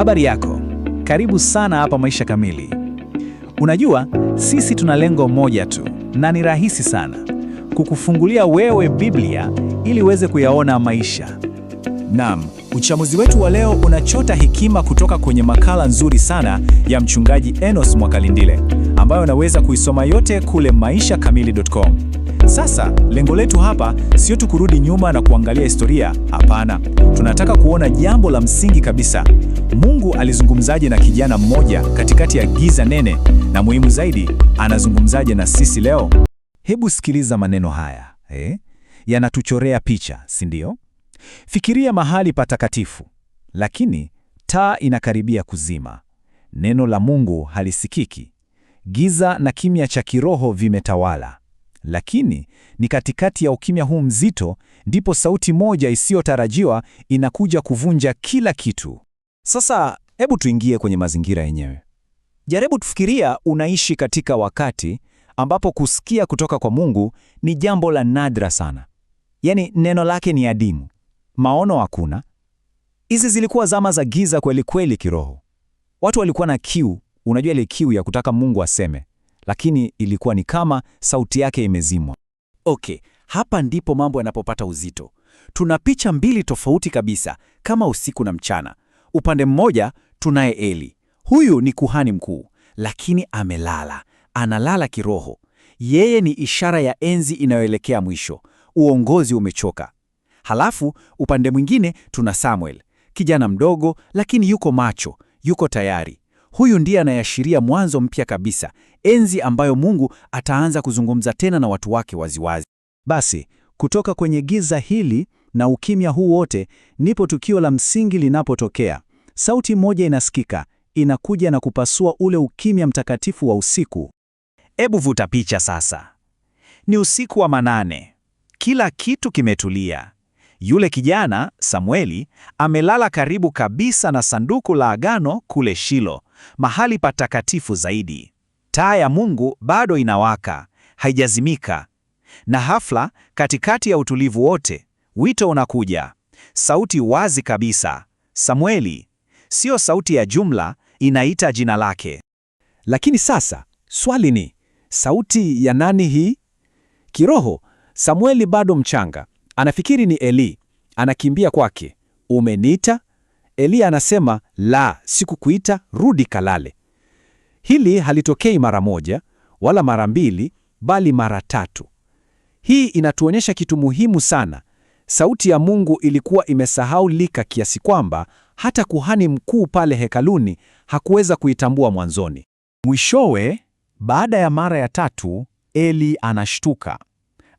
Habari yako, karibu sana hapa Maisha Kamili. Unajua, sisi tuna lengo moja tu na ni rahisi sana, kukufungulia wewe Biblia ili uweze kuyaona maisha. Naam, uchamuzi wetu wa leo unachota hekima kutoka kwenye makala nzuri sana ya Mchungaji Enos Mwakalindile ambayo unaweza kuisoma yote kule maishakamili.com. Sasa lengo letu hapa sio tu kurudi nyuma na kuangalia historia. Hapana, tunataka kuona jambo la msingi kabisa: Mungu alizungumzaje na kijana mmoja katikati ya giza nene, na muhimu zaidi, anazungumzaje na sisi leo? Hebu sikiliza maneno haya eh? Yanatuchorea picha, si ndio? Fikiria mahali patakatifu, lakini taa inakaribia kuzima. Neno la Mungu halisikiki. Giza na kimya cha kiroho vimetawala. Lakini ni katikati ya ukimya huu mzito ndipo sauti moja isiyotarajiwa inakuja kuvunja kila kitu. Sasa hebu tuingie kwenye mazingira yenyewe. Jaribu tufikiria unaishi katika wakati ambapo kusikia kutoka kwa Mungu ni jambo la nadra sana. Yaani neno lake ni adimu, maono hakuna. Hizi zilikuwa zama za giza kweli kweli kiroho. Watu walikuwa na kiu, unajua ile kiu ya kutaka Mungu aseme lakini ilikuwa ni kama sauti yake imezimwa. Okay, hapa ndipo mambo yanapopata uzito. Tuna picha mbili tofauti kabisa, kama usiku na mchana. Upande mmoja tunaye Eli, huyu ni kuhani mkuu, lakini amelala, analala kiroho. Yeye ni ishara ya enzi inayoelekea mwisho, uongozi umechoka. Halafu upande mwingine tuna Samuel, kijana mdogo, lakini yuko macho, yuko tayari. Huyu ndiye anayeashiria mwanzo mpya kabisa, enzi ambayo Mungu ataanza kuzungumza tena na watu wake waziwazi. Basi kutoka kwenye giza hili na ukimya huu wote, ndipo tukio la msingi linapotokea. Sauti moja inasikika, inakuja na kupasua ule ukimya mtakatifu wa usiku. Ebu vuta picha sasa. Ni usiku wa manane, kila kitu kimetulia. Yule kijana Samueli amelala karibu kabisa na sanduku la agano kule Shilo, mahali patakatifu zaidi. Taa ya Mungu bado inawaka, haijazimika. Na hafla, katikati ya utulivu wote, wito unakuja, sauti wazi kabisa, Samueli. Sio sauti ya jumla, inaita jina lake. Lakini sasa swali ni sauti ya nani hii? Kiroho, Samueli bado mchanga, anafikiri ni Eli, anakimbia kwake. Umeniita, Eliya anasema la, sikukuita, rudi kalale. Hili halitokei mara moja wala mara mbili, bali mara tatu. Hii inatuonyesha kitu muhimu sana. Sauti ya Mungu ilikuwa imesahaulika kiasi kwamba hata kuhani mkuu pale hekaluni hakuweza kuitambua mwanzoni. Mwishowe, baada ya mara ya tatu, Eli anashtuka,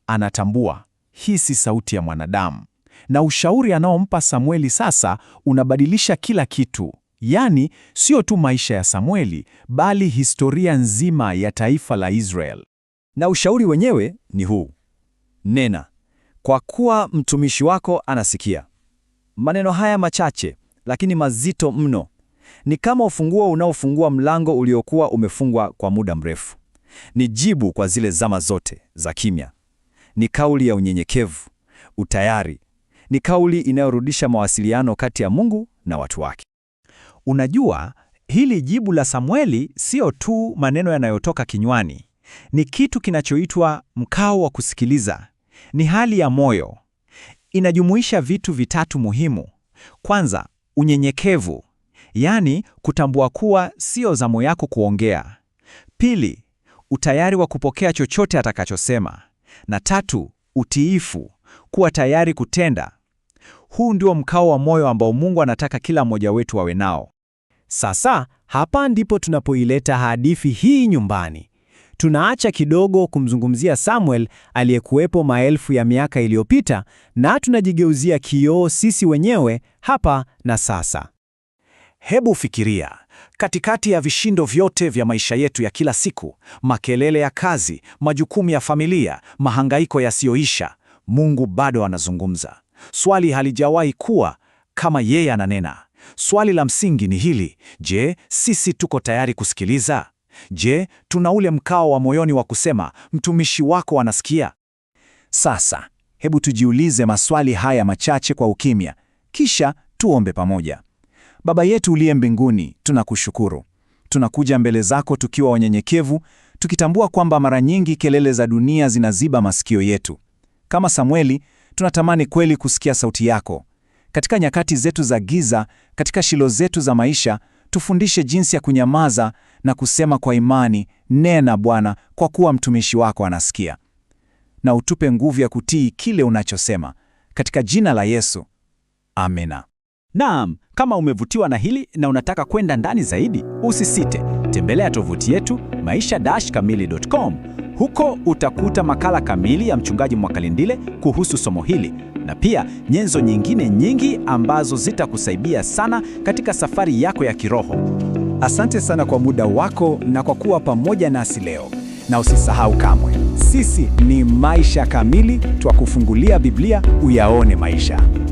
anatambua hii si sauti ya mwanadamu, na ushauri anaompa Samueli sasa unabadilisha kila kitu. Yaani, sio tu maisha ya Samueli, bali historia nzima ya taifa la Israel. Na ushauri wenyewe ni huu: nena, kwa kuwa mtumishi wako anasikia. Maneno haya machache lakini mazito mno, ni kama ufunguo unaofungua mlango uliokuwa umefungwa kwa muda mrefu. Ni jibu kwa zile zama zote za kimya. Ni kauli ya unyenyekevu, utayari ni kauli inayorudisha mawasiliano kati ya Mungu na watu wake. Unajua, hili jibu la Samueli sio tu maneno yanayotoka kinywani. Ni kitu kinachoitwa mkao wa kusikiliza. Ni hali ya moyo. Inajumuisha vitu vitatu muhimu. Kwanza, unyenyekevu, yaani kutambua kuwa sio zamu yako kuongea. Pili, utayari wa kupokea chochote atakachosema. Na tatu, utiifu, kuwa tayari kutenda huu ndio mkao wa moyo ambao Mungu anataka kila mmoja wetu awe nao. Sasa hapa ndipo tunapoileta hadithi hii nyumbani. Tunaacha kidogo kumzungumzia Samuel aliyekuwepo maelfu ya miaka iliyopita na tunajigeuzia kioo sisi wenyewe hapa na sasa. Hebu fikiria, katikati ya vishindo vyote vya maisha yetu ya kila siku, makelele ya kazi, majukumu ya familia, mahangaiko yasiyoisha, Mungu bado anazungumza. Swali halijawahi kuwa kama yeye ananena. Swali la msingi ni hili: je, sisi tuko tayari kusikiliza? Je, tuna ule mkao wa moyoni wa kusema mtumishi wako anasikia? Sasa hebu tujiulize maswali haya machache kwa ukimya, kisha tuombe pamoja. Baba yetu uliye mbinguni, tunakushukuru. Tunakuja mbele zako tukiwa wanyenyekevu, tukitambua kwamba mara nyingi kelele za dunia zinaziba masikio yetu. Kama Samueli, Tunatamani kweli kusikia sauti yako. Katika nyakati zetu za giza, katika shilo zetu za maisha, tufundishe jinsi ya kunyamaza na kusema kwa imani, nena Bwana, kwa kuwa mtumishi wako anasikia. Na utupe nguvu ya kutii kile unachosema, katika jina la Yesu, amina. Naam, kama umevutiwa na hili na unataka kwenda ndani zaidi, usisite tembelea tovuti yetu maisha-kamili.com huko utakuta makala kamili ya Mchungaji Mwakalindile kuhusu somo hili na pia nyenzo nyingine nyingi ambazo zitakusaidia sana katika safari yako ya kiroho. Asante sana kwa muda wako na kwa kuwa pamoja nasi leo, na usisahau kamwe, sisi ni Maisha Kamili, twakufungulia Biblia uyaone maisha.